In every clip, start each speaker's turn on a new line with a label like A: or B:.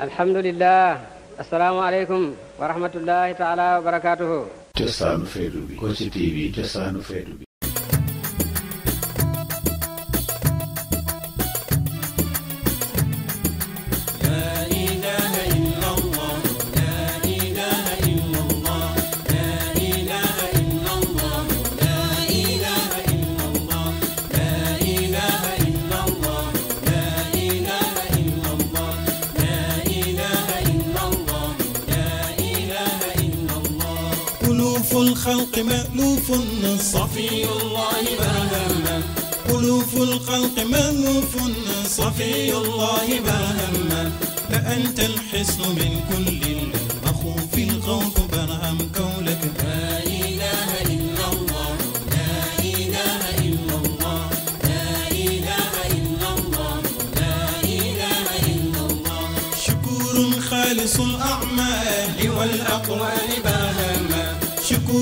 A: الحمد لله السلام عليكم ورحمة الله تعالى وبركاته
B: جسان فيدو بي كوشي تي في جسان فيدو مألوف صفي الله ما همه ألوف الخلق مألوف صفي الله ما همه فأنت الحسن من كل المخوف الخوف برهم كونك لا إله إلا الله لا إله إلا الله لا إله إلا الله لا إله إلا الله شكور خالص الأعمال والأقوال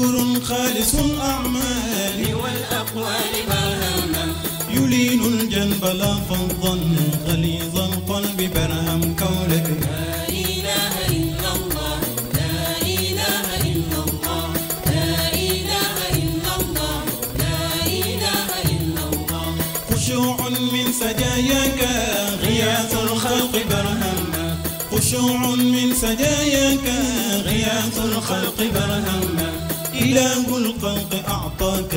B: نور خالص الأعمال والأقوال برهما يلين الجنب لا فضا غليظ القلب برهم كونك لا إله إلا الله لا إله إلا الله لا إله إلا الله لا إله إلا الله خشوع من سجاياك غياث الخلق برهما خشوع من سجاياك غياث الخلق برهما إله الخلق أعطاك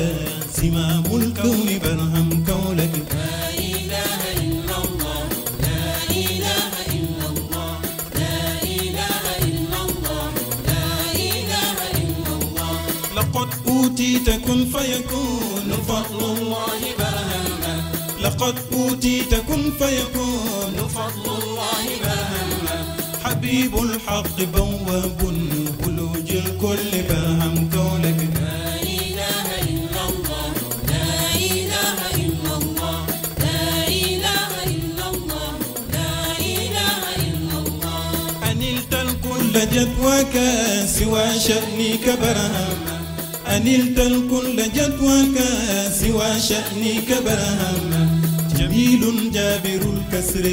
B: زمام الكون برهم كونك لا إله إلا الله لا إله إلا الله لا إله إلا الله لا إله إلا الله لقد أوتيت كن فيكون فضل الله برهما لقد أوتيت كن فيكون فضل الله برهما حبيب الحق بواب بلوج الكل برهم جدواك سوى شأنك برهما أنلت الكل جدواك سوى شأنك برهما جميل جابر الكسر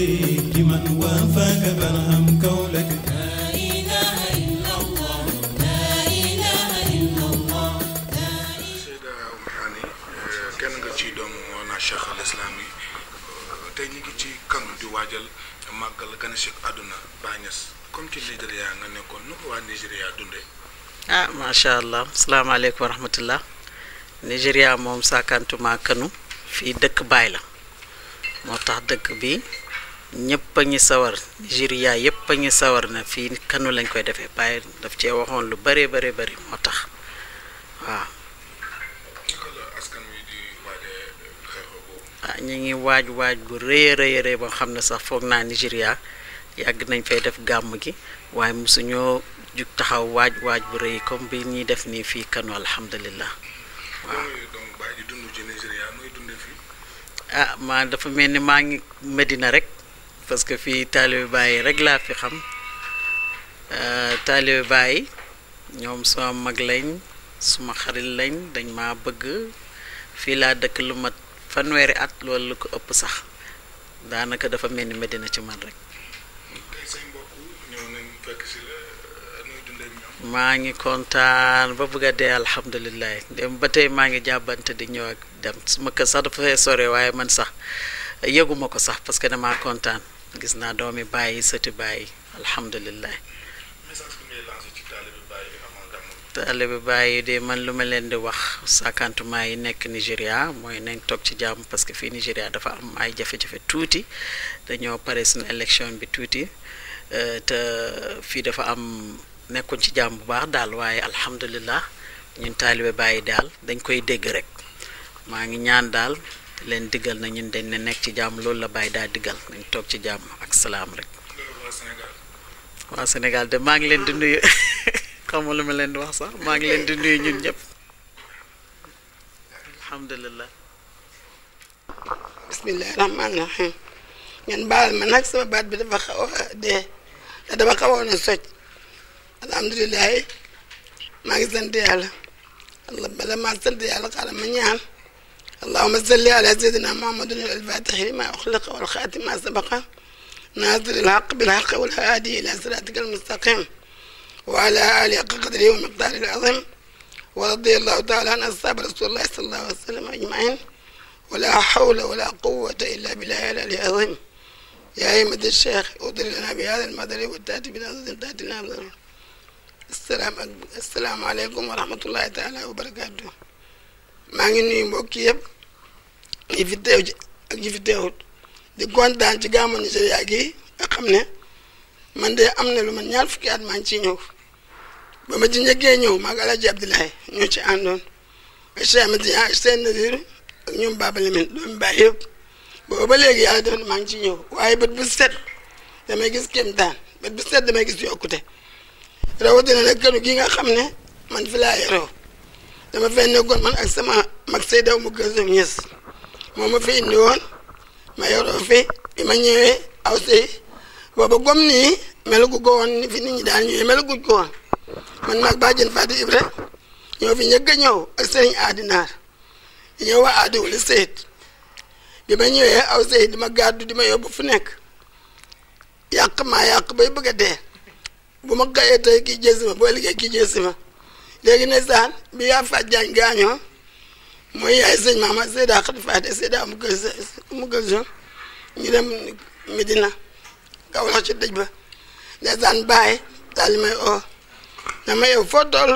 B: لمن وافاك برهم كولك
C: cheikh al islami tey ñu
D: ngi ci kanu di waajal màggal gane si àdduna bàññes comme ci Nigéria nga nekkoon nu ko waa Nigéria dundee.
E: ah macha allah salaamaaleykum wa rahmatullah Nigéria moom saakantuma kanu fii dëkk baay la moo tax dëkk bi ñéppa a sawar Nigéria yëpp a ngi sawar na fii kanu lañ koy defee baay daf cee waxoon lu bëree bëri bëri moo tax waaw. ah ñu ngi waaj waaj bu rëy a rëy ba xam ne sax foog naa Nigéria. yàgg nañ fay def gàmm gi waaye mosuñoo jug taxaw waaj waaj bu rëy comme bi ñuy def nii fii Kano alhamdulilah waaw. maa ah, dafa mel ni maa ngi Medina rek parce que fii taalibe bàyyi rek laa fi xam ah, taalibe Baay ñoom sama mag lañ suma xarit lañ dañ maa bëgg fii laa dëkk lu ma fanweeri at loolu la ko ëpp sax daanaka dafa mel ni Medina ci man rek. maa ngi kontaan ba bugga a dee alhamdulilah dem ba tey maa ngi jàbbante di ñëw ak dem ma kër sax waaye man sax yëguma ko sax parce que damaa kontaan gis naa doomi bàyyi sëti bàyyi alhamdulilah. taalibe bàyyi de man lu ma leen di wax sàkkantuma yi nekk Nigéria mooy nañ toog ci jàmm parce que fii Nigéria dafa am ay jafe-jafe tuuti dañoo pare suñu élection bi tuuti euh, te fii dafa am. nekkuñ ci jàmm bu baax daal waaye alhamdulilah ñun taalibe bàyyi daal dañ koy dégg rek maa ngi ñaan daal leen diggal na ñun dañ nekk ci jàmm loolu la bàyyi daal diggal nañ toog ci jàmm ak salaam rek waa Sénégal de maa ngi leen di nuyu xamul lu ma leen di wax sax maa ngi leen di nuyu ñun ñëpp alhamdulilah
F: bismillahi rahmaani rahim ngeen baal ma nag sama baat bi dafa xaw a dee te dama soj الحمد لله ما sant yàlla الله bala maa sant yàlla xaaral ma ñaan allahuma salli على سيدنا محمد الفاتح ma أخلق والخاتم ما سبق ناصر الحق بالحق والهادي إلى صراطك المستقيم وعلى آله حق قدره ومقداره العظيم ورضي الله تعالى عن أصحاب رسول الله صلى الله عليه وسلم أجمعين ولا حول ولا قوة إلا بالله العلي العظيم يا أئمة الشيخ أدر لنا بهذا المدري وتأتي بنا تأتي salaam ak asalaamaaleykum wa taala wa barakaatu maa ngi nuyu mbokk yëpp yi fi teew ci ak yi fi teewut di kontaan ci gàmmu Nigéria gi nga ne man de am na lu man ñaar fukki at maa ngi ciy ñëw ba ma ci njëkkee ñëw maa ngi Alaaji Abdoulaye ñoo ci àndoon Cheikh Matiya seen Nadir ak ñoom Baba Lamine doomu baay yëpp booba ba léegi yàlla def na maa ngi ciy ñëw waaye bët bu set damay gis kéemtaan bët bu set gis yokkute rawatina nag këru gi nga xam ne man fi laa yaroo dama fee nekkoon man ak sama mag Seydou mu gëstu ñës moom ma fi indi woon fi bi ma ñëwee aw si booba nii melagu ko woon ni fi nit ñi daal ñëwee melaguñ ko woon man maag bàjjen Fatou Ibra ñoo fi ñëkk a ñëw ak sëriñ aadinaar ñëw waa aadiwul Seyid bi ma ñëwee aw Seyid di ma gàddu di ma yóbbu fu nekk maa yàq bay bëgg a bu ma gayee tey kii jël ma boo liggéey kii jël ma léegi ne saan bi yaa faj jaañ gaañoo mooy yaay sëñ maama Seyda Xadi Faate Seyda mu gël mu gël jo ñu dem Medina kaw na ci dëj ba ne saan bàyyi daal di may oo na ma yow foo toll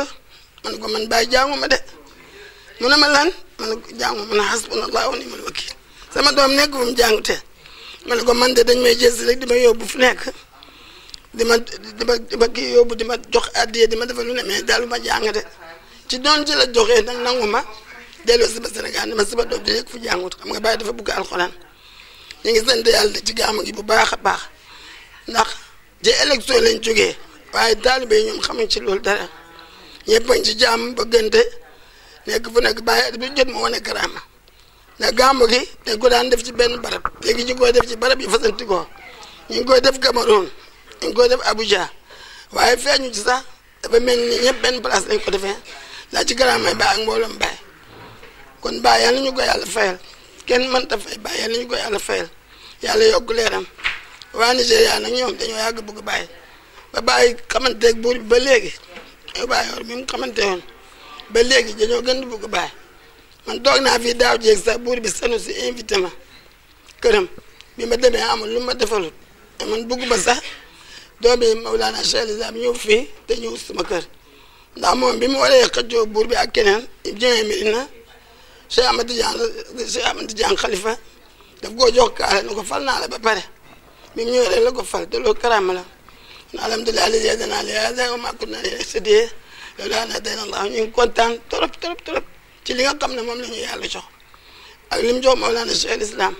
F: man ko man bàyyi ma de mu ne ma lan man jaamu ma ne hasbunallahu wa ni'mal wakiil sama doom nekk fu mu jàngute man ko man de dañ may jël si rek di ma yóbbu fu nekk di ma di ma di ma kii yóbbu di ma jox addiye di ma lu ne mais dellu ma jàng de ci doon ci la joxee nag nangu ma delloo si ba Sénégal ne ma si ba doom di yëg fu jàngut xam nga bàyyi dafa bëgg alxuraan ñu ngi sant yàlla ci gaamu gi bu baax a baax ndax ci lañ jógee waaye taalibe yi ñoom xamuñ ci loolu dara ñëpp ci jàmm bëggante nekk fu nekk bàyyi at bi jot mu wane karaama ndax gàmmu gi dañ ko daan def ci benn barab léegi ñu koy def ci barab yi fasantikoo ñu ngi koy def Cameroun dañ koy def Abuja waaye feeñu ci sax dafa mel ni ñëpp benn place lañ ko defee ndax ci garaam may baay ak mbooloom baay kon baay yàlla ñu ko yàlla fayal kenn mënta fay baay yàlla ñu ko yàlla fayal yàlla yokk leeram waa Nigéria nag ñoom dañoo yàgg bëgg baay ba bàyyi xamanteeg buur ba léegi ñoo bàyyi woon mi mu xamante woon ba léegi dañoo gën di bëgg bàyyi man toog naa fii daaw jéeg sax buur bi sanu si invité ma këram bi ma demee amul lu ma defalut man bëggu ba sax doomi Mawlana Cheikh Islam ñëw fii te ñëw sama kër ndax moom bi mu waree xëccoo buur bi ak keneen jëmee Medina Cheikh Ahmed Tidiane Cheikh Ahmed Tidiane Khalifa daf koo jox kaala ni ko fal naa la ba pare bi mu ñëwee rek la ko fal te loolu karaama la alhamdulilah li yeedanaa li yeedanaa maa kunna linahtadiya lawlaa an hadaana Allah ñu ngi kontaan trop trop trop ci li nga xam ne moom la ñu yàlla jox ak li mu jox Mawlana Cheikh Islam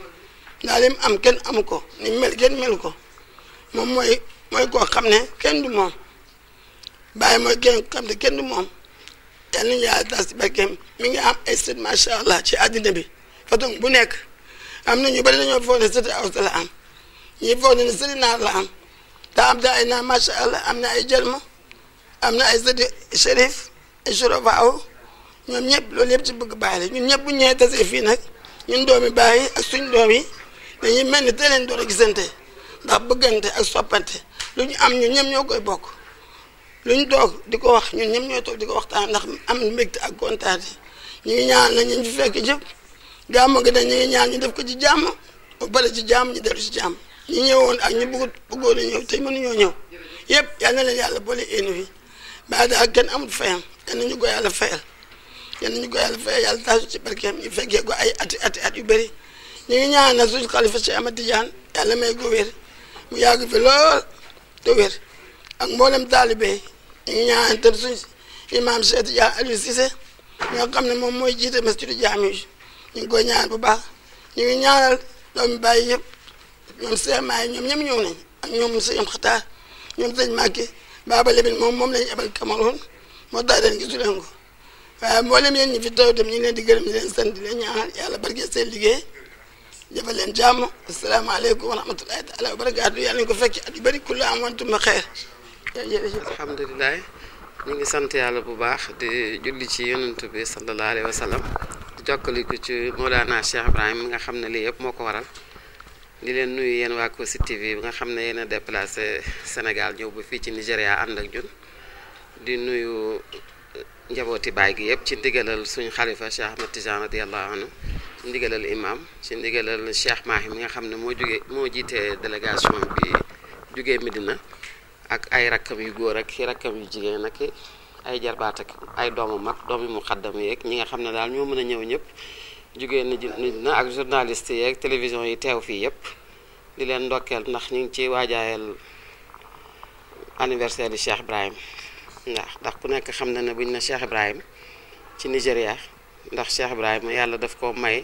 F: ndax li mu am kenn amu ko ni mel kenn melu ko moom mooy. mooy koo xam ne kenn du moom bàyyi mooy kenn xam ne kenn du moom yal nañu yàlla tas ci barkeem mi ngi am ay sët macha allah ci àddina bi façon bu nekk am na ñu bari dañoo foog ne sëti Awsa la am ñii foog ne sëti Naar la am te am na ay Naar macha allah am na ay Jalma am na ay sëti Cherif ay Chorofaaw ñoom ñëpp lool yëpp ci bëgg bàyyi la ñun ñëpp bu ñu ñëwee tase fii nag ñun doomi bàyyi ak suñ doom yi dañuy mel ni te leen door a gisante ndax bëggante ak soppante. lu ñu am ñun ñoom ñoo koy bokk lu ñu doog di ko wax ñun ñoom ñooy toog di ko waxtaan ndax am mbégte ak kontaate ñu ngi ñaan na ñu fi fekk jëpp gàmmu gi dañ ñu ngi ñaan ñu def ko ci jàmm ba pare ci jàmm ñu dellu ci jàmm ñu ñëwoon ak ñu bëgg bëggoon a ñëw te mënuñoo ñëw yëpp yal na leen yàlla boole énu fi ba daal kenn amul fayam kenn ñu ko yàlla fayal kenn ñu ko yàlla fayal taasu ci barkeem ñu fekkee ko ay ati ati at yu bëri ñu ngi ñaan na suñu xalifa si Amady Diagne te wér ak mboolem taalibe ñu ngi ñaanal suñ imaam Cheikh Dia Aliou Cissé ñoo xam ne moom mooy jiite masjidu jaami yi ñu ngi koy ñaanal bu baax ñu ngi ñaanal doomu bàyyi yëpp ñoom Cheikh Maay ñoom ñëpp ñëw nañ ak ñoom sëñ Xataar ñoom sëñ Màkke Baba Lamine moom moom lañu ebal Cameroun moo tax leen gisu leen ko waaye mboolem yéen ñi fi taw dem ñu ngi leen di gërëm di leen sant di leen ñaanal yàlla barke seen liggéey جبل انجامو السلام عليكم ورحمه الله تعالى وبركاته يعني نكون فك يعني بري كل عام وانتم بخير
G: الحمد لله نيغي سانت يالله بو باخ دي جولي سي يونت بي صلى الله عليه وسلم دي جوكلي كو سي مولانا شيخ ابراهيم ميغا خامن لي ييب موكو وارال دي لين نوي يين وا كو سي تي في ميغا خامن يينا ديبلاسي سنغال نيو بو في سي نيجيريا اندك جون دي نويو njabooti baay gi yëpp ci ndigalal suñu xalifa Cheikh Ahmad Tijaan radiyallahu anhu ci ndigalal imam ci ndigalal Cheikh Mahi mi nga xam ne moo jóge moo jiite délégation bi jógee Medina ak ay rakkam yu góor ak i rakkam jigéen ak ay jarbaat ay doomu mag doomi mu xaddam yeeg ñi nga xam ne daal ñoo mën a ñëw ñëpp jógee Medina ak journaliste yeeg télévision yi teew fii yëpp di leen ndokkeel ndax ñu ngi ci waajaayal anniversaire yi Cheikh Ibrahim ndax ndax ku nekk xam na ne buñ na Cheikh Ibrahima ci Nigéria ndax Cheikh Ibrahima yàlla daf ko may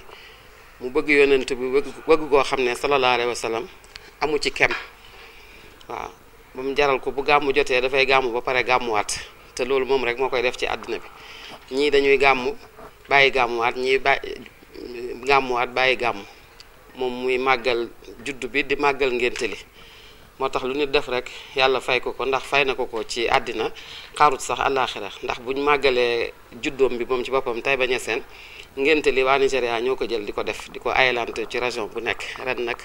G: mu bëgg yonent bi bëgg bëgg koo xam ne sallallahu alayhi wa sallam amu ci kem waaw mu jaral ko bu gàmmu jotee dafay gàmmu ba pare gàmmuwaat te loolu moom rek moo koy def ci àdduna bi ñii dañuy gàmmu bàyyi gàmmuwaat ñii bàyyi gàmmuwaat bàyyi gàmmu moom muy màggal juddu bi di màggal ngénte li moo tax lu nit def rek yàlla fay ko ko ndax fay na ko ko ci àddina xaarut sax àllaaxira ndax buñ màggalee juddoom bi moom ci boppam Taïba Niassène ngénte li waa Nigéria ñoo ko jël di ko def di ko ayalante ci région bu nekk ren nag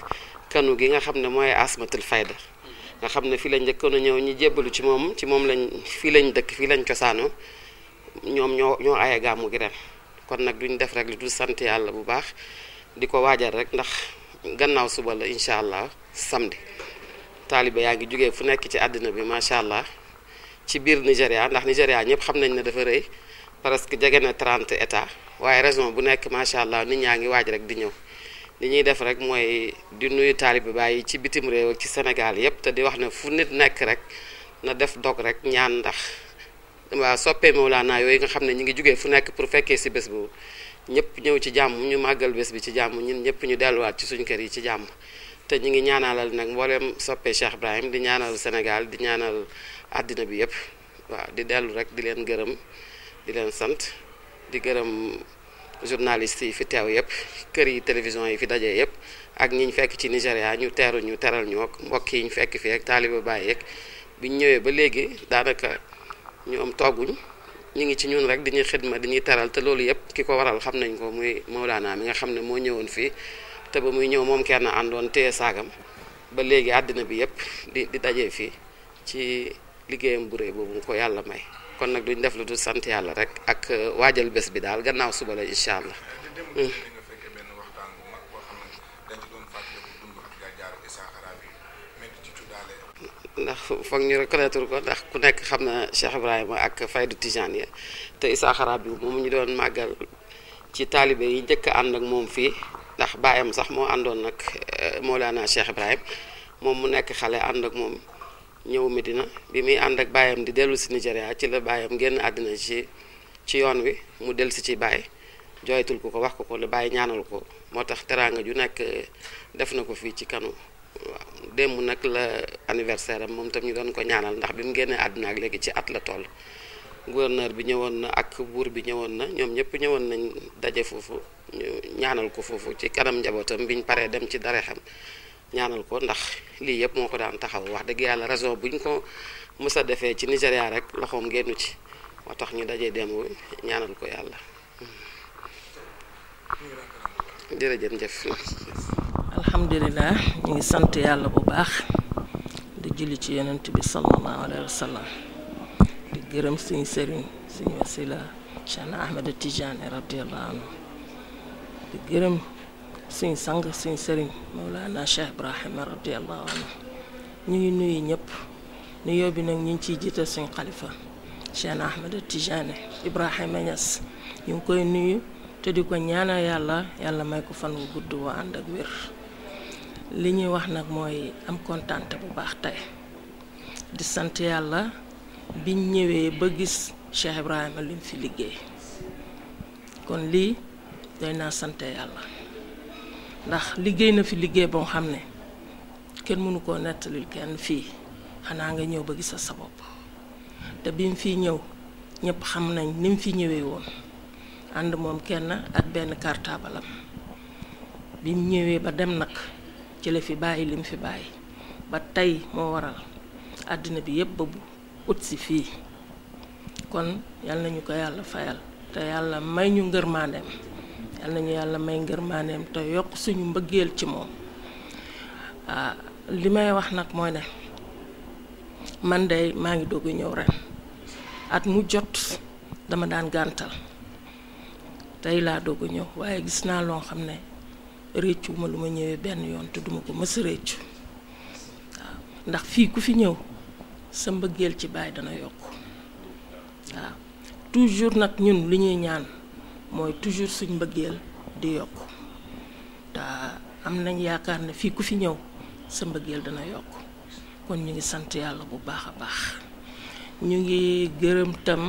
G: kanu gi nga xam ne mooy asmatul fayda nga xam ne fii lañ njëkkoon a ñëw ñi jébbalu ci moom ci moom lañ fii lañ dëkk fii lañ cosaanoo ñoom ñoo ñoo aye gàmmu gi ren kon nag duñ def rek lu dul sant yàlla bu baax di ko waajal rek ndax gannaaw suba la incha allah samedi taaliba yaa ngi jógee fu nekk ci àddina bi macha allah ci biir Nigéria ndax Nigéria ñëpp xam nañ ne dafa rëy parce jege na 30 état waaye région bu nekk macha allah nit ñaa ngi waaj rek di ñëw li ñuy def rek mooy di nuyu taalibe bàyyi ci bitim réew ak ci Sénégal yépp te di wax ne fu nit nekk rek na def dog rek ñaan ndax waa soppee Mawlana yooyu nga xam ne ñu ngi jógee fu nekk pour fekkee si bés boobu ñëpp ñëw ci jàmm ñu màggal bés bi ci jàmm ñun ñëpp ñu delluwaat ci suñu kër yi ci jàmm te ñu ngi ñaanalal nag mboolem soppee Cheikh Ibrahim di ñaanal Sénégal di ñaanal àddina bi yëpp waaw di dellu rek di leen gërëm di leen sant di gërëm journaliste yi fi teew yëpp kër yi télévision yi fi daje yëpp ak ñi ñu fekk ci Nigéria ñu teeru ñu teral ñook ak mbokk yi ñu fekk fii ak taaliba Baay yeeg bi ñu ñëwee ba léegi daanaka ñoom togguñ ñu ngi ci ñun rek di ñuy xidma di ñuy teral te loolu yëpp ki ko waral xam nañ ko muy Mawlana mi nga xam ne moo ñëwoon fii. te ba muy ñëw mom kenn andon téye sagam ba léegi adina bi yépp di di dajé fi ci liggéeyam bu rëy bu ko yalla may kon nak duñ def lu du sant yalla rek ak euh, wajal bés bi dal gannaaw suba la inshallah hmm. ndax foog ñu reconnaître ko ndax ku nekk xam na Cheikh Ibrahima ak Faydu tijan ya te isa Xaraab bi moom ñu doon màggal ci talibé yi njëkk ànd ak moom fii. ndax baayam sax moo àndoon nag moo eh, Mawlana Cheikh Ibrahim moom mu nekk xale ànd ak moom ñëw Medina bi muy ànd ak baayam di dellu si Nigéria ci la baayam génn àddina ci yoon wi mu del si ci baay jooytul ko ko wax ko ko la baay ñaanal ko moo tax teraanga ju nekk eh, def na ko fii ci kanu waaw démb nag la anniversaire am moom tam ñu doon ko ñaanal ndax bi mu génnee àddina ak léegi ci at la toll gouverneur bi ñëwoon na ak buur bi ñëwoon na ñoom ñëpp ñëwoon nañ daje foofu ñu ñaanal ko foofu ci kanam njabootam bi ñu paree dem ci dara xam ñaanal ko ndax lii yëpp moo ko daan taxaw wax dëgg yàlla bu buñ ko mës defee ci Nigéria rek loxoom génnu ci moo tax ñu dajee démb ñaanal
H: ko yàlla jërëjëf jëf alhamdulilah ñu ngi sant yàlla bu baax di julli ci yeneen bi sallallahu alayhi wa gërëm suñu sëriñ suñu wasila Cheikh Ahmed Tidiane radiyallahu anhu di gërëm suñu sang suñu sëriñ Mawlana Cheikh Ibrahima radiyallahu anhu ñu ngi nuyu ñëpp nu yóbbi nag ñu ngi ciy jiital suñu xalifa Cheikh Ahmed Tidiane Ibrahima Niass ñu ngi koy nuyu te di ko ñaana yàlla yàlla may ko fan wu gudd wa ànd ak wér li ñuy wax nag mooy am kontaan bu baax tey di sant yàlla. biñ ñëwee ba gis Cheikh Ibrahima lim fi liggéey kon lii doy naa sant yàlla ndax liggéey na fi liggéey boo xam ne kenn mënu koo nettalil kenn fii xanaa nga ñëw ba gis sa bopp te bi mu fi ñëw ñépp xam nañ nim fi ñëwee woon ànd moom kenn ak benn kartaabalam bi mu ñëwee ba dem nag ci la fi bàyyi lim fi bàyyi ba tey moo waral àddina bi yépp bëbbu ut si fii kon yal nañu ko yàlla fayal te yàlla may ñu ngërmaaneem yal nañu yàlla may ngërmaaneem te yokk suñu mbëggeel ci moom ah, li may wax nag mooy ne man de maa ngi dogg ñëw ren at mu jot dama daan gàntal tey laa dogg ñëw waaye gis naa loo xam ne réccuwuma lu ma ñëwee benn yoon te duma ko mës a réccu ndax fii ku fi ñëw sa mbëggeel ci baay dana yokk waaw toujours nag ñun li ñuy ñaan mooy toujours suñ mbëggeel di yokk te am nañ yaakaar ne fii ku fi ñëw sa mbëggeel dana yokk kon ñu ngi sant yàlla bu baax a baax ñu ngi gërëmtam tam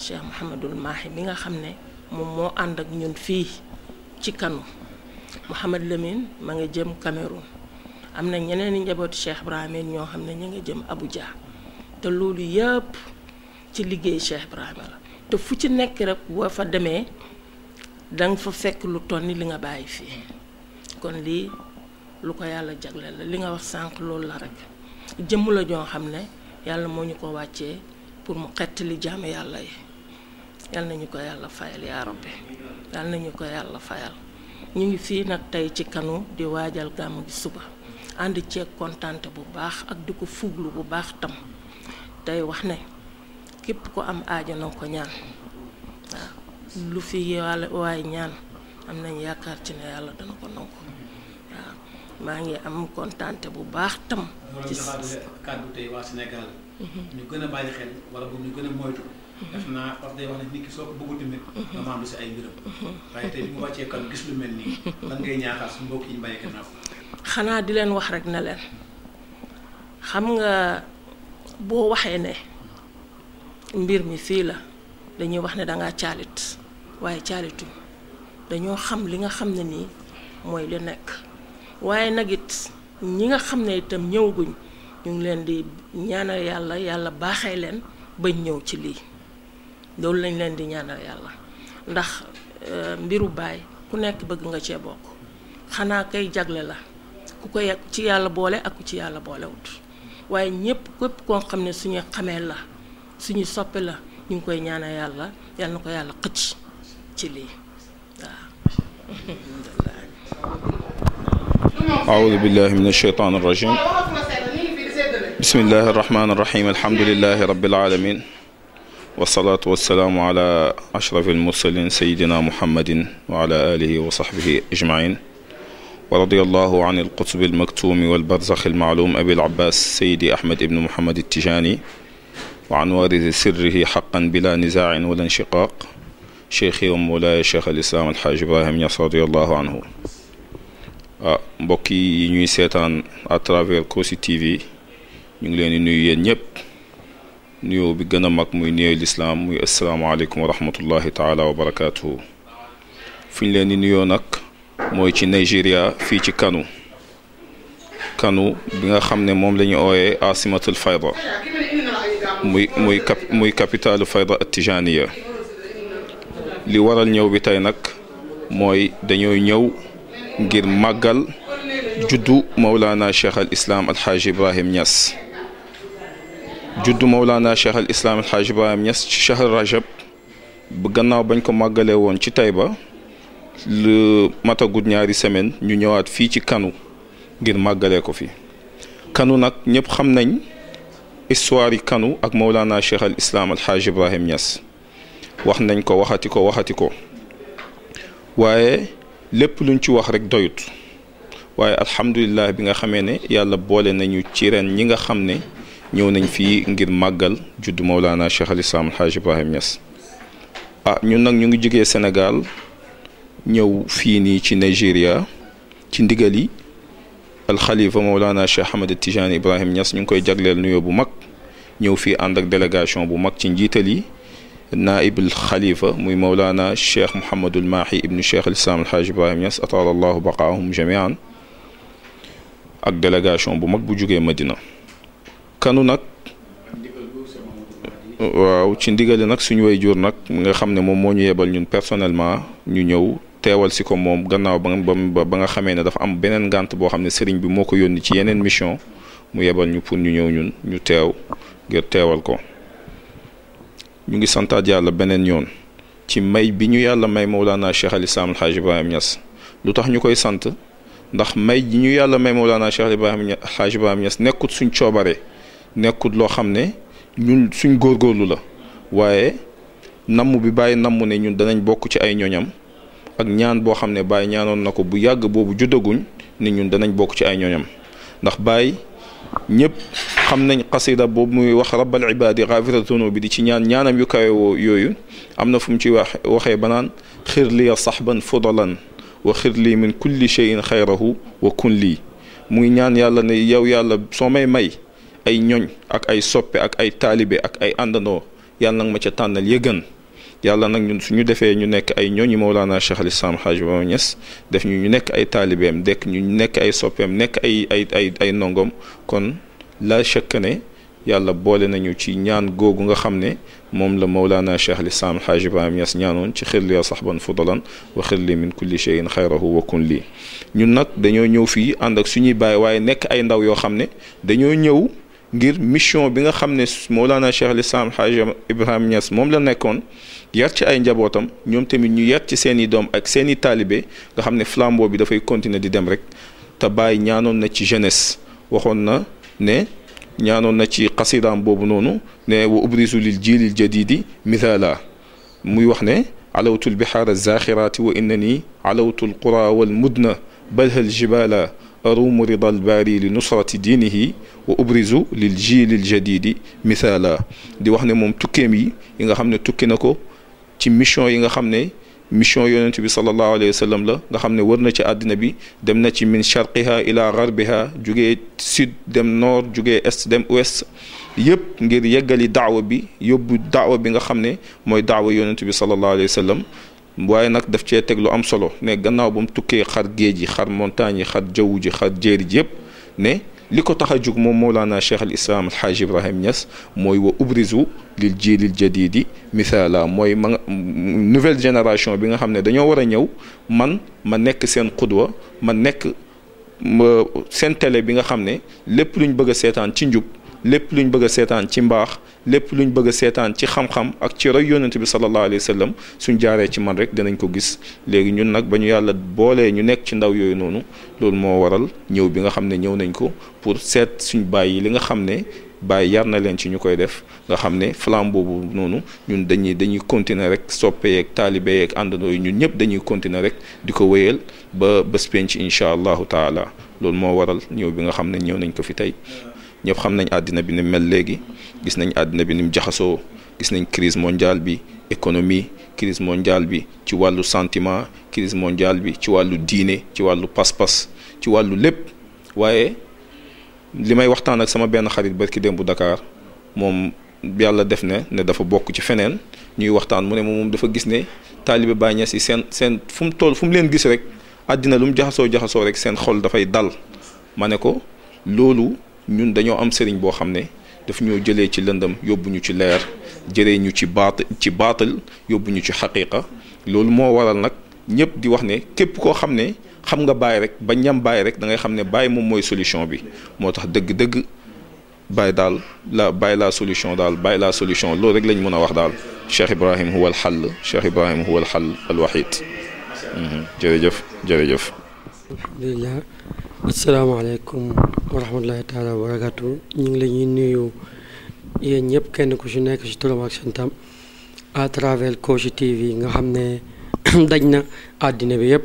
H: Cheikh Mouhamadul Mahi mi nga xam ne moom moo ànd ak ñun fii ci kanu Mouhamad Lamine ma ngi jëm Cameroun am na ñeneen i njabootu Cheikh Ibrahima ñoo xam ne ñu nga jëm Abuja te loolu yëpp ci liggéey Cheikh Ibrahima la te fu ci nekk rek boo fa demee danga fa fekk lu tonni li nga bàyyi fii kon lii lu ko yàlla jagleel la li nga wax sànq loolu la rek jëmm la joo xam ne yàlla moo ñu ko wàccee pour mu xettali jaamu yàlla yi yàlla nañu ko yàlla fayal yaa rabbi yàlla nañu ko yàlla fayal ñu ngi fii nag tey ci kanu di waajal gàmmu gi suba ànd ceeg kontante bu baax ak di ko fuglu bu baax tam tey wax ne képp ko am aajo na ko ñaan waaw lu fi waaye ñaan am nañ yaakaar ci ne yàlla dana ko nangu waaw maa ngi am kontante bu baax tam. ci
B: kàddu tey waa Sénégal. Mhm. def naa wax day wax ne nit ki soo ko bëggu tamit nga mhm. maandu si ay mbiram mhm. waaye tey mu wàccee kan gis lu mel nii lan ngay ñaaxaar su mbokk yi ñu bàyyi gannaaw
H: xanaa di leen wax rek na leen xam nga boo waxee ne mbir mi fii la dañuy wax ne danga caalit waaye caalituñ dañoo xam li nga xam ne nii mooy li nekk waaye nag it ñi nga xam ne itam ñëwaguñ ñu ngi leen di ñaana yàlla yàlla baaxee leen bañ ñëw ci lii loolu lañ leen di ñaanal yàlla ndax euh, mbiru baay ku nekk bëgg nga cee bokk xanaa kay jagle la ku ko ci yàlla boole ak ku ci yàlla boolewut waaye ñëpp képp koo xam ne suñu xamee la suñu soppe la ñu ngi koy ñaanal yàlla yàlla na ko yàlla xëcc ci lii
D: waaw aoudu billahi min alcheytan arrajim bismillahi arrahmani arrahim alhamdulilahi rabbil alamin والصلاة والسلام على أشرف المرسلين سيدنا محمد وعلى آله وصحبه أجمعين ورضي الله عن القطب المكتوم والبرزخ المعلوم أبي العباس سيدي أحمد بن محمد التجاني وعن وارث سره حقا بلا نزاع ولا انشقاق شيخي ومولاي شيخ الإسلام الحاج إبراهيم ياس رضي الله عنه بكي نيسيتان أترافير كوسي تيفي travers Kossy TV nuyoo bi gën a mag muy nuyoo lislaam muy asalaamaaleykum wa rahmatullahi taala wa barakaatuhu fi ñu leen di nuyoo nag mooy ci Nigeria fii ci Kano Kano bi nga xam ne moom la ñu ooyee asimatul fayda muy muy cap muy capitalu fayda atijaniya li waral ñëw bi tey nag mooy dañoo ñëw ngir màggal juddu Mawlana Cheikh al Islam Alhaji Ibrahim Niass. juddu Mawlana Cheikh al Islam El Hadj Baye Niass ci Shahar Rajab gannaaw bañ ko màggalee woon ci Taïba lu matagut ñaari semaine ñu ñëwaat fii ci Kano ngir màggalee ko fi Kano nag ñëpp xam nañ histoire yi Kano ak Mawlana Cheikh al Islam El Hadj Ibrahim Niass wax nañ ko waxati ko waxati ko waaye lépp luñ ci wax rek doyut waaye alhamdulilah bi nga xamee ne yàlla boole nañu ci ren ñi nga xam ne. ñëw nañ fii ngir màggal judd maulana Cheikh al Islam Alhaaj Ibrahim Niass ah ñun nag ñu ngi jógee Sénégal ñëw fii nii ci Nigeria ci ndigal yi khalifa maulana Cheikh Ahmed tijani Ibrahim Niass ñu ngi koy jagleel nuyo bu mag ñëw fii ànd ak délégation bu mag ci njiital yi naibul xalifa muy Mawlana Cheikh Mouhamadul Mahi ibnu Cheikh al Islam Alhaaj Ibrahim Niass ataala allahu baqaahum jamian ak délégation bu mag مدينة kanu nag waaw ci ndigali nag suñu way jur nag nga xam ne moom moo ñu yebal ñun personnellement ñu ñëw teewal si ko moom gannaaw ba ba ba nga xamee ne dafa am beneen ngànt boo xam ne sëriñ bi moo ko yónni ci yeneen mission mu yebal ñu pour ñu ñëw ñun ñu teew ngir teewal ko ñu ngi santaat yàlla beneen yoon ci may bi ñu yàlla may Mawlana Cheikh Al Islam Al Hadj Ibrahim Niass lu tax ñu koy sant ndax may ji ñu yàlla may Mawlana Cheikh Al Ibrahim Al Hadj Ibrahim Niass nekkut suñ coobare nekkut loo xam ne ñun suñ góorgóorlu la waaye namm bi bàyyi namm ne ñun danañ bokk ci ay ñooñam ak ñaan boo xam ne bàyyi ñaanoon na ko bu yàgg boobu juddaguñ ni ñun danañ bokk ci ay ñooñam ndax bàyyi ñëpp xam nañ xasida boobu muy wax rabbal ibaadi xaafira zunubi di ci ñaan ñaanam yu kawewoo yooyu am na fu mu ci wax waxee banaan xir liya saxban fudalan wa xir lii min kulli cheyin xayrahu wa kun lii mu ngi ñaan yàlla na yow yàlla soo may may ay ñoñ ak ay soppe ak ay taalibe ak ay àndandoo yàlla nag ma ca tànnal ya gën yàlla nag ñun suñu defee ñu nekk ay ñooñu Mawlana Cheikh Al Islam Hadj Ibrahima Niass def ñu ñu nekk ay taalibeem dekk ñu nekk ay soppeem nekk ay ay ay ay ndongoom kon la chëkk ne yàlla boole nañu ci ñaan googu nga xam ne moom la Mawlana Cheikh Al Islam Hadj Ibrahima Niass ñaanoon ci xirli ya saxban fudalan wa xirli min kulli cheyin xayrahu wa kun lii ñun nag dañoo ñëw fii ànd ak suñuy baay waaye nekk ay ndaw yoo xam ne dañoo ñëw. ngir mission bi nga xam ne Mawlana Cheikh Lislam Hadj Ibrahim Niass moom la nekkoon yar ci ay njabootam ñoom tamit ñu yar ci seen i doom ak seen taalibe nga xam ne flambeau bi dafay continuer di dem rek te Baye ñaanoon na ci jeunesse waxoon na ne ñaanoon na ci xasidaam boobu noonu ne wa ubrisu lil jiilil jadidi mithala muy wax ne alawtu lbihaara zaxiraati wa innani alawtu alqura walmudna balhal jibala أروم رضا الباري لنصرة دينه وأبرز للجيل الجديد مثالا دي واخني موم توكيمي ييغا خامني توكي تي ميشن ييغا خامني ميشن يونس صلى الله عليه وسلم لا غا خامني ورنا تي دمنا تي من شرقها الى غربها جوغي سود دم نور جوغي اس دم ويس يب غير يغالي دعوه بي يب دعوه بيغا خامني موي دعوه يونس بي صلى الله عليه وسلم waaye nag daf cee teg lu am solo ne gannaaw ba mu tukkee xar géej yi xar montagne yi xar jaww ji xar jéeri ji yëpp ne li ko tax a jug moom moo Mawlana Cheikh al Islam al Hajj Ibrahim Niass mooy wa ubrizu lil jiilil jadidi misaala mooy man nouvelle génération bi nga xam ne dañoo war a ñëw man ma nekk seen xudwa ma nekk seen télé bi nga xam ne lépp luñ bëgg a seetaan ci njub. lépp lu luñ bëgg a seetaan ci mbaax lépp lu ñu bëgg a seetaan ci xam-xam ak ci roy yonent bi sallallahu alayhi wa suñ jaaree ci man rek danañ ko gis léegi ñun nag ba ñu yàlla boolee ñu nekk ci ndaw yooyu noonu loolu moo waral ñëw bi nga xam ne ñëw nañ ko pour seet suñ bàyyi li nga xam ne bàyyi yar na leen ci ñu koy def nga xam ne flambeau boobu noonu ñun dañuy dañuy continuer rek soppe yeeg taalibe yeeg yi ñun ñëpp dañuy continuer rek di ko wéyal ba bés penc incha allahu taala loolu moo waral ñëw bi nga xam ne ñëw nañ ko fi tey ñëpp xam nañ àddina bi ni mel léegi gis nañ àddina bi ni mu jaxasoo gis nañ crise mondiale bi économie crise mondiale bi ci wàllu sentiment crise mondiale bi ci wàllu diine ci wàllu pas-pas ci wàllu lépp waaye li may waxtaan ak sama benn xarit barki ki dem bu Dakar moom yàlla def na ne dafa bokk ci feneen ñuy waxtaan mu ne moom dafa gis ne taalibe Baay Ñas yi seen seen fu mu toll fu mu leen gis rek àddina lu mu jaxasoo jaxasoo rek seen xol dafay dal ne ko ñun dañoo am sëriñ boo xam ne daf ñoo jëlee ci lëndëm yóbbu ñu ci leer jëlee ñu ci baat ci baatal yóbbu ñu ci xaqiqa loolu moo waral nag ñëpp di wax ne képp koo xam ne xam nga bàyyi rek ba ñam bàyyi rek da ngay xam ne bàyyi moom mooy solution bi moo tax dëgg-dëgg bàyyi daal la bàyyi la solution daal bàyyi la solution loolu rek lañ mën a wax daal Cheikh Ibrahim huwa alxall Cheikh Ibrahim huwa alxall alwahid jërëjëf jërëjëf
A: asalaamaaleykum wa rahmatullahi taala wa barakatu ñu ngi la ñuy nuyu yéen ñëpp kenn ku ci nekk ci turam ak santam à travers Kossy TV nga xam ne daj na àddina bi yëpp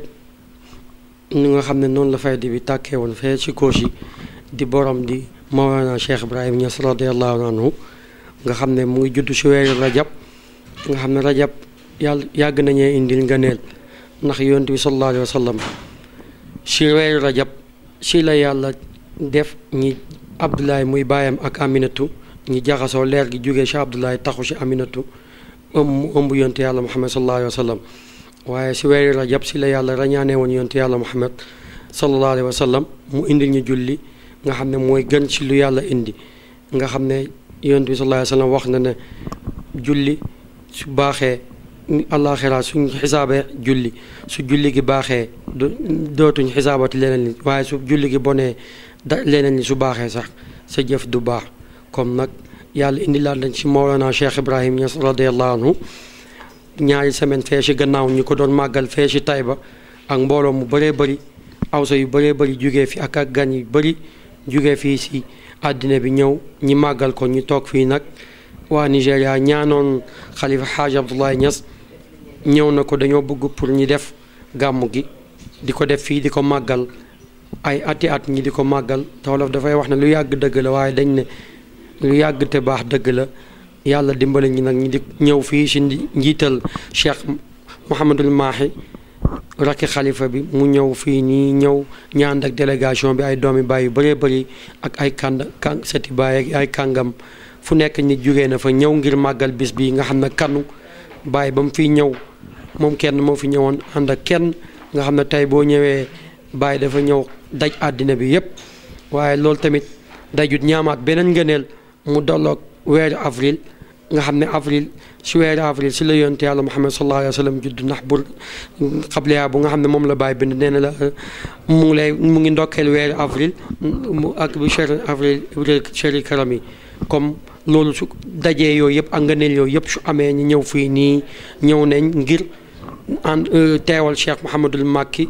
A: ñu nga xam ne noonu la fayda bi tàkkee woon fee ci Kossy di borom di Mawlana Cheikh Ibrahim Niass radiallahu anhu nga xam ne mu ngi juddu ci weeru rajab nga xam ne rajab yàlla yàgg nañee indi nga neel ndax yoon bi sallallahu alayhi wa sallam ci weeru rajab si la yàlla def ñi Abdoulaye muy baayam ak Aminatu ñi jaxasoo leer gi jógee si Abdoulaye taxu ci Aminatu ëmb ëmb yonte yàlla Muhammad sallallahu alayhi wa sallam waaye si weeri rajab si la yàlla rañaane woon yonte yàlla Muhammad sallallahu alayhi wa sallam mu indil ñu julli nga xam ne mooy gën si lu yàlla indi nga xam ne yonte bi sallallahu alayhi wa sallam wax na ne julli su baaxee àllaaxira suñ xisaabee julli su julli gi baaxee dootuñ xisaabati leneen li waaye su julli gi bonee da leneen li su baaxee sax sa jëf du baax comme nag yàlla indi laan dañ ci Mawlana Cheikh Ibrahim Niass radiallahu anhu ñaari semaine fee ci gannaaw ñu ko doon màggal fee ci Taïba ak mbooloo mu bëree bëri awsa yu bëree bëri jugee fi ak ak gan yu bëri jugee fii si àddina bi ñëw ñi màggal ko ñu toog fii nag waa Nigéria ñaanoon xalifa Xaaj Abdoulaye Niass ñëw na ko dañoo bëgg pour ñi def gàmm gi di ko def fii di ko màggal ay ati at ñi di ko màggal te wolof dafay wax ne lu yàgg dëgg la waaye dañ ne lu yàgg te baax dëgg la yàlla dimbali ñi nag ñi di ñëw fii si njiital Cheikh Mouhamadul maaxi rakki xalifa bi mu ñëw fii nii ñëw ñaan ak délégation bi ay doomi baay yu bëree bëri ak ay kànd kan seti baay ay kàngam fu nekk nit jógee na fa ñëw ngir màggal bis bi nga xam ne kanu bàyyi ba mu fi ñëw moom kenn moo fi ñëwoon ànd ak kenn nga xam ne tey boo ñëwee baay dafa ñëw daj àddina bi yépp waaye loolu tamit dajut ñaamaat beneen ngëneel mu dolloog weeru avril nga xam ne avril si weeru avril si la yonte yàlla muhammad sallallahu alayhi wa sallam judd ndax bur xabliyaa bu nga xam ne moom la bàyyi bind nee na la mu ngi lay mu ngi ndokkeel weeru avril ak bu cher avril cheri karam yi comme loolu su dajee yooyu yëpp ak ngëneel yooyu yëpp su amee ñu ñëw fii nii ñëw nañ ngir en euh, teewal Cheikh Mouhamadul Makki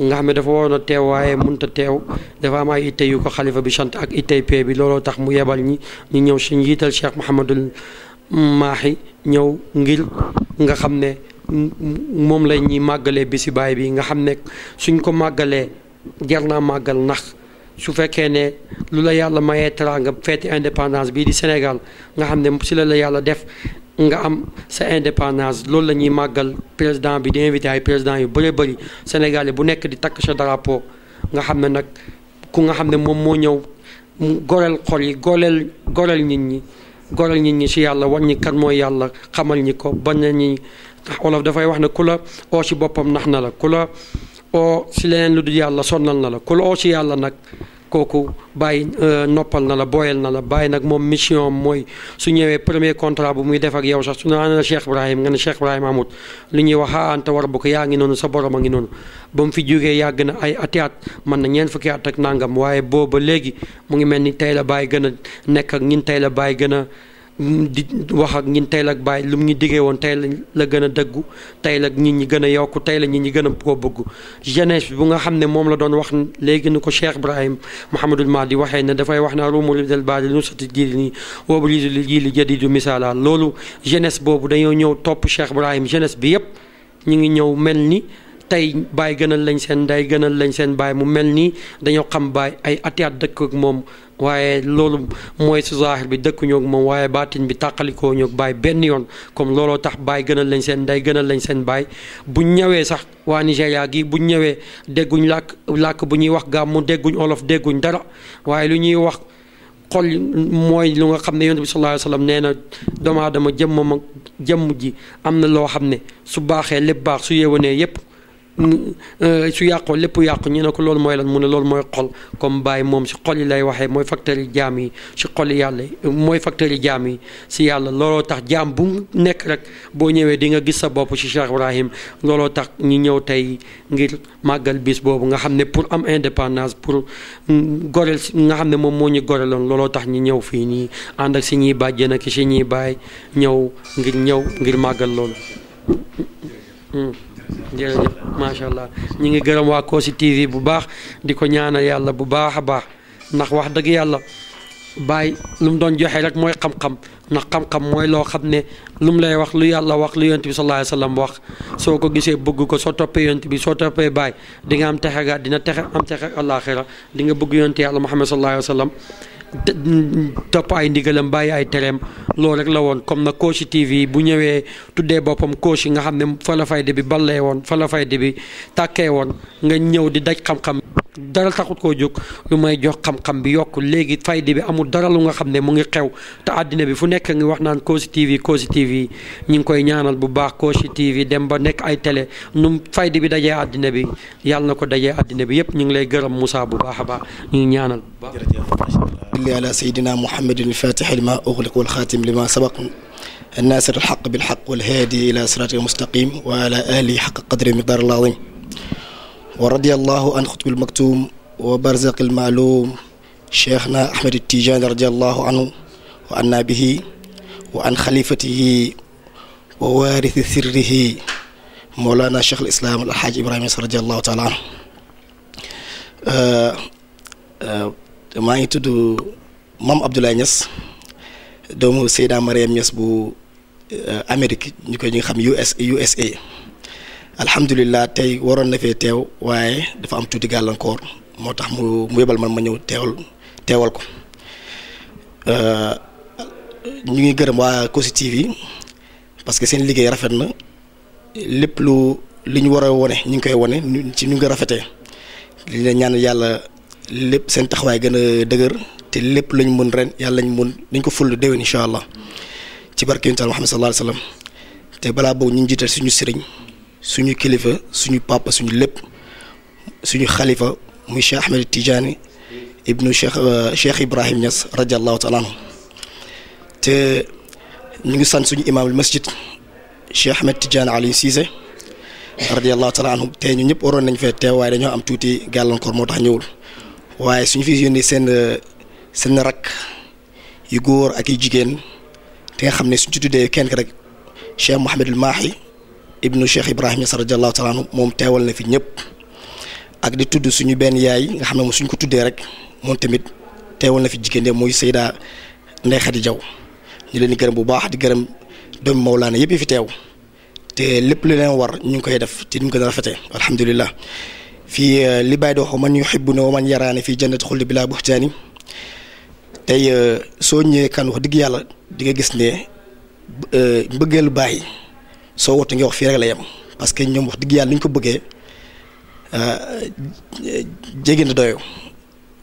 A: nga xam ne dafa waroon a teew waaye mënut a teew dafa am ay itte yu ko xalifa bi sant ak ittey pee bi looloo tax mu yebal ñi ñu ñëw si njiital Cheikh Mouhamadul maaxi ñëw ngir nga xam ne moom la ñuy màggalee bisi baay bi nga xam ne suñ ko màggalee jar naa màggal ndax شوفها كان لولا يلا ما يترا nga fête indépendance bii di Sénégal nga xamne ne la yàlla def nga am sa indépendance loolu la ñuy màggal président bi di invité ay président yu bëri bëri Sénégalais bu nekk di takk sa drapeau nga xam ne nag ku nga xam ne moom moo ñëw goreel xol yi goreel goreel nit ñi goreel nit ñi si yàlla wan ñi kan mooy yàlla xamal ñi ko bañ ñi olof dafay wax ne ku la oo si boppam nax na la ku la oo si leneen lu dul yàlla sonnal na la ku la oo si yàlla nag kooku bàyyi euh, noppal na la booyal na la bàyyi nag moom mission mooy su ñëwee premier contrat bu muy def ak yow sax su naan la Cheikh Ibrahim nga ne Cheikh Ibrahim amut li ñuy wax ah Anta war bu ko yaa ngi noonu sa borom a ngi noonu ba mu fi jógee yàgg na ay ati at man na ñeent fukki at ak nangam waaye booba léegi mu ngi mel ni tey la bàyyi gën a nekk ak ñun tey la bàyyi gën a. Mm, di wax ak ñin tey la ak bàyyi lu mu ñu diggee woon tey la gën a dëggu tey la nit ñi gën a yokku tey la nit ñi gën a koo bëgg jeunesse bu nga xam ne moom la doon wax léegi ni ko Cheikh Ibrahim Mouhamadul Mahdi waxee ne dafay wax naa rumuri del bari lu sati jili nii woobu li ji li jadidu misaala loolu jeunesse boobu dañoo ñëw topp Cheikh Ibrahim jeunesse bi yépp ñu ngi ñëw mel ni tey baay gënal lañ seen ndey gënal lañ seen baay mu mel nii dañoo xam baay ay ati at dëkk ak moom waaye loolu mooy su bi dëkku ñoog moom waaye baatin bi tàqalikoo ñoog baay benn yoon comme looloo tax baay gënal lañ seen ndey gënal lañ seen baay bu ñawee sax waa Nigéria gi bu ñëwee dégguñu làkk làkk bu ñuy wax gàmmu dégguñu olof dégguñ dara waaye lu ñuy wax xool mooy lu nga xam ne yonent bi sallallahu alayhi wa sallam nee na doomu aadama jëmmam ak jëmm ji am na loo xam ne su baaxee lépp baax su yeewanee yépp Euh, su yàqoo lépp yàqu ñu ne ko loolu mooy lan mu ne loolu mooy xol comme bàyyi moom si xol yi lay waxee mooy facteur yi jaam yi si xol yi yàlla mooy facteur yi jaam yi si yàlla looloo tax jaam bu nekk rek boo ñëwee di nga gis sa bopp si Cheikh Ibrahim looloo tax ñu ñëw tey ngir màggal bis boobu nga xam ne pour am indépendance pour mm, gorel nga xam ne moom moo ñu goreloon looloo tax ñi ñëw fii nii ànd ak si ñuy bàjjen ak si ñuy bàyyi ñëw ngir ñëw ngir màggal loolu. Mm. jërëjëf macha allah ñu ngi gërëm waa Kossy TV bu baax di ko ñaana yàlla bu baax a baax ndax wax dëgg yàlla baay lu mu doon joxe rek mooy xam-xam ndax xam-xam mooy loo xam ne lu mu lay wax lu yàlla wax lu yonent bi sallallahu alayhi wasallam wax soo ko gisee bëgg ko soo toppee yont bi soo toppee baay di nga am texe ga dina texe am texe àllaaxira di nga bëgg yonent yàlla Muhammad sallallahu alayhi wasallam topp ay ndigalam bàyyi ay tereem loolu rek la woon comme na Kossy TV bu ñëwee tuddee boppam Kossy nga xam ne fa la fayda bi ballee woon fa la fayda bi tàkkee woon nga ñëw di daj xam-xam. dara taxut ko jóg lu may jox xam-xam bi yok legui fayde bi amul dara lu nga xamne mo ngi xew ta adina bi fu nek ngi wax nan cause TV cause TV ñi ngi koy ñaanal bu baax cause TV dem ba nek ay télé nu fayde bi dajé adina bi yàlla nako dajé adina bi yépp ñi ngi lay gërëm musa bu baax ba ñi ñaanal
I: billahi ala sayidina muhammadin al-fatih lima ughliq wal khatim lima sabaq الناصر الحق بالحق والهادي إلى صراط المستقيم وعلى آله حق قدر مقدار العظيم ورضي الله عن خطب المكتوم وبرزق المعلوم شيخنا أحمد التيجان رضي الله عنه وعنا به وعن خليفته ووارث سره مولانا شيخ الإسلام الحاج إبراهيم رضي الله تعالى عنه maa ngi tudd Mame Abdoulaye Niass doomu Seyda Mariam Niass bu Amérique ñu koy ñu USA alhamdulilah tey waroon na fee teew waaye dafa am tuuti gàllankoor moo tax mu mu yebal man ma ñëw teewal teewal ko euh, ñu ngi gërëm waa Kossy yi parce que seen liggéey rafet na lépp lu li ñu war a wone ñu ngi koy wone ci ñu ngi rafetee li ñu ñaan yàlla lépp seen taxawaay gën a dëgër te lépp lañ mën ren yàlla lañ mën dañ ko ful déwén incha allah ci barke yonent Muhammad sallallahu alayhi wasallam te balaa boobu ñu ngi jiital suñu sëriñ. suñu kilifa suñu papa suñu lépp suñu khalifa muy Cheikh Ahmed Tidiane ibnu Cheikh Cheikh Ibrahim Niass radiallahu taala te ñu ngi sant suñu imaamul masjid Cheikh Ahmed Tidiane Aliou Cissé radiallahu taala anhu te ñu ñep waron nañ fe te way dañu am tuti galan kor motax ñëwul waye suñu fi yoni sen sen rak yu góor ak yu jigen te xamne suñu tuddé suñ kenn rek Cheikh mohammed al Mahi ibnu Cheikh Ibrahim Niass radiyallahu taala anhu moom teewal na fi ñëpp ak di tudd suñu benn yaay nga xam ne moom suñ ko tuddee rek moom tamit teewal na fi jigéen de muy Seyda Ndey Xadi Jaw ñu leen di gërëm bu baax di gërëm doomi Mawlaana yëpp yi fi teew te lépp lu leen war ñu ngi koy def te ni mu gën a rafetee alhamdulilah fii li bàyyi doo man yuhibbunii wa man yaraanii fii jannati xuldi bilaa buhtaani tey soo ñëwee kan wax dëgg yàlla di nga gis ne mbëggeelu bàyyi soo wootee nga wax fi rek la yem parce que ñoom wax dëgg yàlla ni ko bëggee euh, jege na doyoo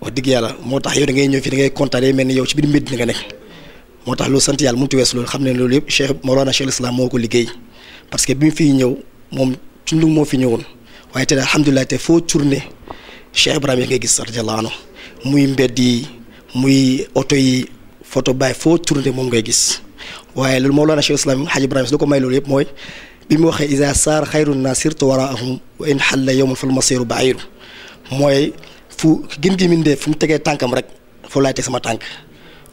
I: wax dëgg yàlla moo tax yow da ngay ñëw fii da ngay kontaanee mel ni yow ci biir mbir dina nga nekk moo tax loolu sant yàlla mënut a wees loolu xam ne loolu yëpp Cheikh Mawlana Cheikh Islam moo ko liggéey parce que bi mu fiy ñëw moom ci lu moo fi ñëwoon waaye te alhamdulilah te foo tourné Cheikh Ibrahima yi ngay gis radiyallahu anhu muy mbedd yi muy oto yi photo baay foo tourné moom ngay gis. waaye loolu Mawlana Cheikh Islam Hadj Ibrahima lu ko may loolu yëpp mooy bi mu waxee isa saar xayrun nasirtu waraahum wa in xalla yowman fal masiru bairu mooy fu gën gi mindee fu mu tegee tànkam rek foofu laay teg sama tànk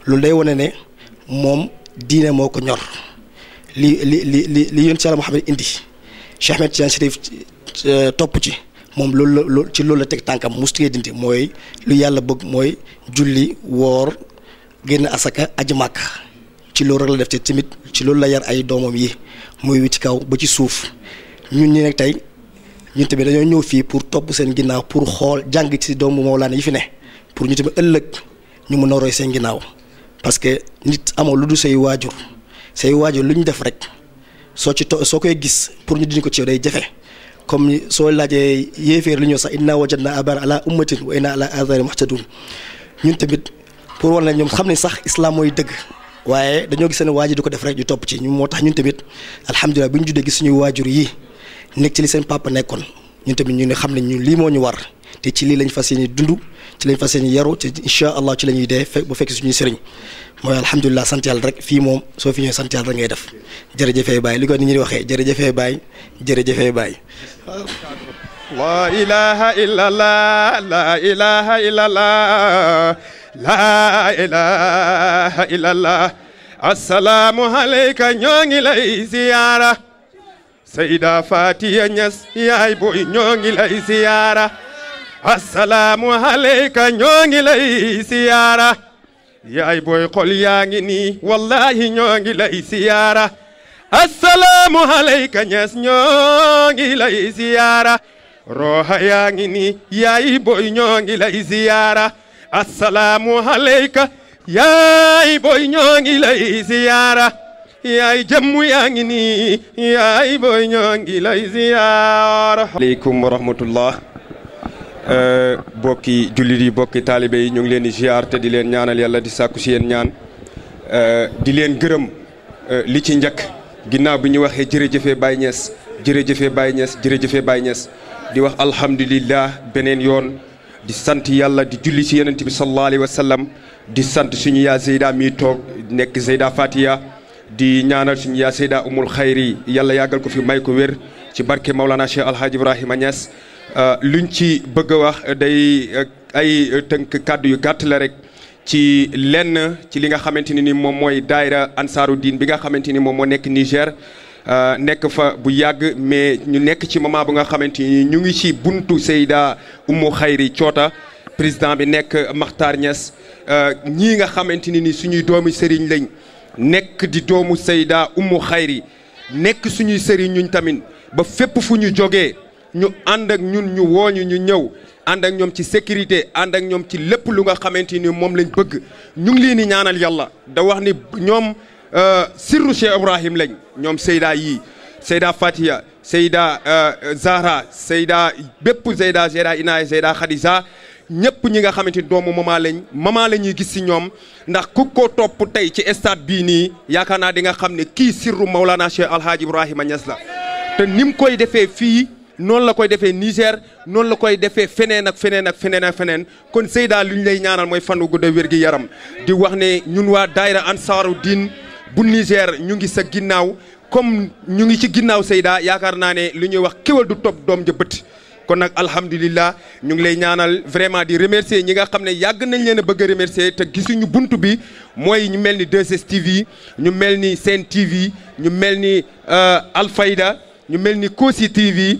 I: loolu day wane ne moom diine moo ko ñor li li li li li yonent Yàlla Muhammad indi Cheikh Ahmed Tidiane Chérif topp ci moom loolu la loolu ci loolu la teg tànkam mustigee dindi mooy lu yàlla bëgg mooy julli woor génn asaka aji màkk ci loolu rek la def te tamit ci loolu la yar ay doomam yi muy wi ci kaw ba ci suuf ñun ñi nag tey ñun tamit dañoo ñëw fii pour topp seen ginnaaw pour xool jàng ci doomu Mawlaana yi fi ne pour ñu tamit ëllëg ñu mën a roy seen ginnaaw parce que nit amoo lu du say waajur say waajur lu ñu def rek soo ci to soo koy gis pour ñu dindi ko ci yow day jafe comme soo laajee yéeféer li ñu sax inna wajadna abaana ala ummatin wa inna ala azari muhtadun ñun tamit pour wan ne ñoom xam ne sax islam mooy dëgg waye dañu gis seen waji di def rek ñu top ci ñu motax ñun tamit alhamdulilah buñu ñu gis suñuy wajur yi nek ci li seen papa nekkon ñun tamit ñu ne xamna ñu li mo ñu war te ci li lañ fas dundu ci lañ fas yaru te allah ci lañuy dé fek bu fekk suñuy sëriñ moy alhamdulilah sant yalla rek fi mom so fi ñu sant yalla ngay def jere jefe bay liko nit ñi jere jefe bay jere jefe bay la ilaha illallah la ilaha
C: illallah laa ilaha illallah assalaamu alayka ñoo ngi lay ziyaara Seyda Fatia Niass yaay boy ñoo lay ziyaara assalaamu alayka ñoo lay ziyaara yaay boy xol yaa ngi nii wallahi ñoo ngi lay ziyaara assalaamu alayka Niass ñoo lay ziyaara rooha yaa ngi nii yaay boy ñoo lay ziyaara assalamu alayka yaay boy ñoo lay ziyara yaay jëm yaangi ni yaay boy ñoo lay ziyara alaykum wa rahmatullah eh, bokki julit yi bokki taalibe yi ñu ngi leen di ziyaar te di leen ñaanal yalla di sakku ci yeen ñaan eh, di leen gëreum eh, li ci njëkk ginnaaw bi ñu bay ñess Baye Niass bay ñess Niass jërëjëfee bay ñess di wax alhamdulillah benen yoon di sant yàlla di julli ci yonent bi sallallahu alayhi wa sallam di sant suñu yaa Zeyda mi toog nekk Zeyda Fatiya di ñaanal suñu yaa Zeyda umul xayri yàlla yàggal ko fi may ko wér ci barke Maulana Cheikh Al Hadj Ibrahima Niass euh, luñ ci bëgg a wax day euh, ay tënk kàddu yu gàtt la rek. ci lenn ci li nga xamante ni moom mooy daayira ansaaru diin bi nga xamante ni moom moo nekk Niger. Euh, nekk fa bu yàgg mais ñu nekk ci moment bu nga xamante ni ñu ngi ci buntu Seyda Umu Xayri Coota président bi nekk Makhtar Niass euh, ñii nga xamante ni suñuy doomu sëriñ lañ nekk di doomu Seyda Umu Xayri nekk suñuy seriñ ñun tamit ba fépp fu ñu jógee ñu ànd ak ñun ñu wooñu ñu ñëw ànd ak ñoom ci sécurité ànd ak ñoom ci lépp lu nga xamante ni moom lañ bëgg ñu ngi leen di ñaanal yàlla da ni ñoom. Euh, sirru Cheikh Ibrahim lañ ñoom Seyda yii Seyda Fatiha Seyda euh, Zahra Seyda bépp Seyda Seyda Inaay Seyda Khadija ñëpp ñi nga xamante ni doomu maman lañ maman la ñuy gis si ñoom ndax ku ko topp tey ci stade bii nii yaakaar naa di nga xam ne kii sirru Maulana Cheikh Alhaji Ibrahima Niass la te ni mu koy defee fii. noonu la koy defee Niger noonu la koy defee feneen ak feneen ak feneen ak feneen kon Seyda lu lay ñaanal mooy fan wu gudd wér yaram di wax ne ñun waa daayira ansaaru diin bu Niger ñu ngi sa ginnaaw comme ñu ngi ci ginnaaw Seyda yaakaar naa ne lu ñuy wax kéwal du topp doom ja bët kon nag alhamdulillah ñu ngi lay ñaanal vraiment di remercier ñi nga xam ne yàgg nañ leen a bëgg a remercier te gisuñu bunt bi mooy ñu mel ni 2STV ñu mel ni Sen TV ñu mel ni euh, Alfayda ñu mel ni Kossy TV.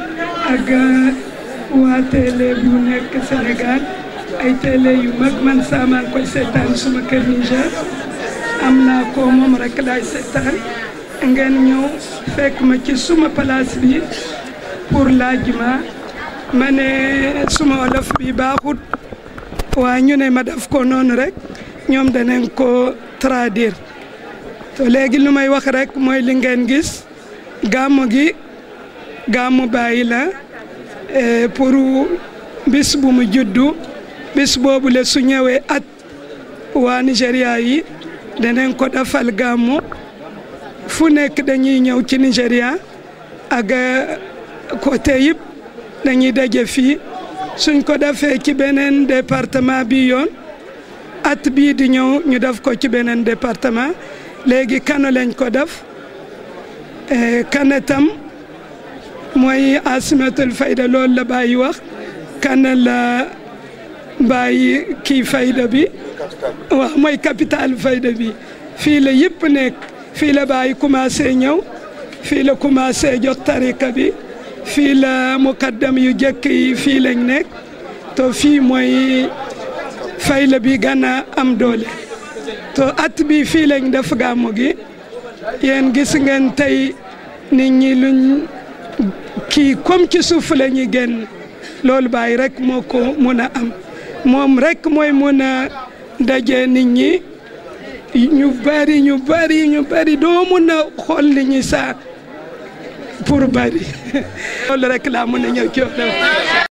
J: ak waa télé bu nekk Sénégal ay télé yu mag man saamaan koy seetaan suma kër Niger am naa ko moom rek laay ngeen ñëw fekk ma ci suma place bi pour laaj ma suma wolof bi baaxut waa ñu ne ma def ko noonu rek ñoom danañ ko traduire to léegi lu may wax rek mooy ngeen gis gàmmu gi gàmmu bàyyi la e, pour bis bu mu juddu bis boobu la su ñëwee at waa Nigéria yi danañ ko defal gàmmu fu nekk dañuy ñëw ci Nigéria ak e, côté yëpp dañuy daje fii suñ ko defee ci beneen département bi yoon at bii di ñëw ñu def ko ci beneen département léegi Kano lañ ko def e, Kano mooy asimatul fayda loolu la bàyyi wax kan la bàyyi kii fayda bi waaw mooy fayda bi fii la yëpp nekk fii la bàyyi commencé ñëw fii la commencé jot bi fii la mukaddam yu jëkk yi fii lañ nekk to fii mooy fayda bi gën a am doole to at bi fii lañ def gàmmu gi yéen gis ngeen tey nit ñi luñ kii comme ci suuf la ñuy génn loolu Baay rekk moo ko mun a am moom rekk mooy mun a daje nit ñi ñu bari ñu bari ñu bari doo mun a xool nit ñi sax pour bari loolu rek laa mun a ñëw ci